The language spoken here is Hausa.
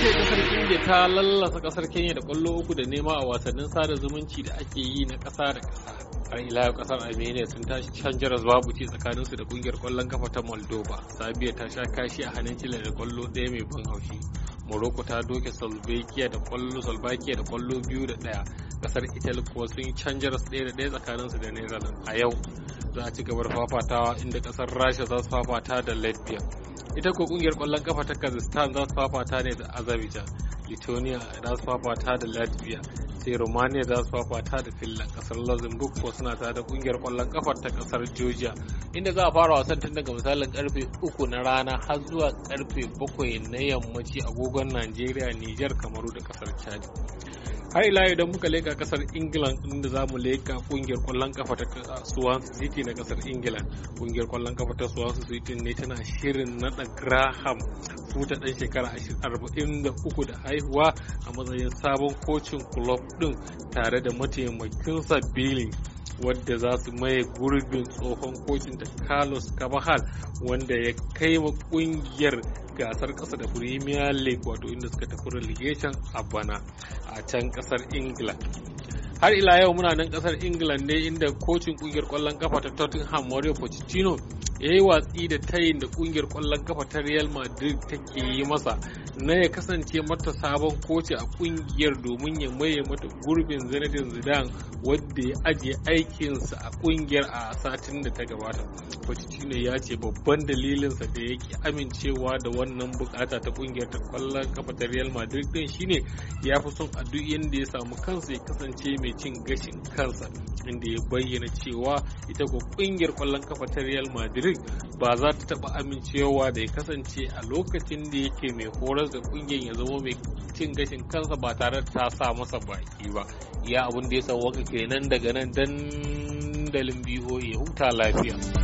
ce kasar India ta lallasa kasar Kenya da kwallo uku da nema a wasannin sada zumunci da ake yi na kasa da kasa. Har ila kasar Armenia sun ta can jaras babu ce tsakanin su da kungiyar kwallon kafa ta Moldova. Sabiya ta sha kashi a hannun Chile da kwallo daya mai ban haushi. Morocco ta doke Slovakia da kwallo Slovakia da kwallo biyu da ɗaya. Kasar Italy kuwa sun can jaras daya da daya tsakanin su da Netherlands. A yau za a ci gabar fafatawa inda kasar Rasha za su fafata da Latvia. ita ko kungiyar kwallon kafa ta kazakhstan za su fafata ne da azerbaijan lithuania za su fafata da latvia sai romania za su fafata da finland kasar luxembourg ko suna tare da kungiyar kwallon kafa ta kasar georgia inda za a fara wasan tun daga misalin karfe uku na rana har zuwa karfe bakwai na yammaci agogon nigeria niger kamaru da kasar chad har ila idan muka leka kasar england inda za mu leka kungiyar kwallon kafa ta swansea city na kasar england kungiyar kwallon kafa ta swansea city ne tana shirin nada graham futa dan shekara 43 da haihuwa a matsayin sabon kocin club din tare da mataimakinsa bili. wadda za su maye gurbin tsohon kocin da carlos cabajal wanda ya kai wa kungiyar gasar kasa da premier league wato inda suka tafi relegation a bana a can kasar ingila har ila yau muna nan kasar england ne inda kocin kungiyar kwallon kafa ta tottenham mario pochettino ya yi watsi da tayin da kungiyar kwallon kafa ta real madrid take yi masa na ya kasance mata sabon koci a kungiyar domin ya maye mata gurbin zanadin zidan wadda ya ajiye aikinsa a kungiyar a satin da ta gabata pochettino ya ce babban dalilinsa da yake amincewa da wannan bukata ta kungiyar ta kwallon kafa ta real madrid din shine ya fi son a duk inda ya samu kansa ya kasance mai cin gashin kansa inda ya bayyana cewa ita ko kungiyar kwallon kafa ta real madrid ba za ta taɓa amincewa da ya kasance a lokacin da yake mai horar da ƙungiyar ya zama mai cin gashin kansa ba tare da ta sa masa baki ba ya abin da ya waka kenan daga nan dandalin biyo ya huta lafiya.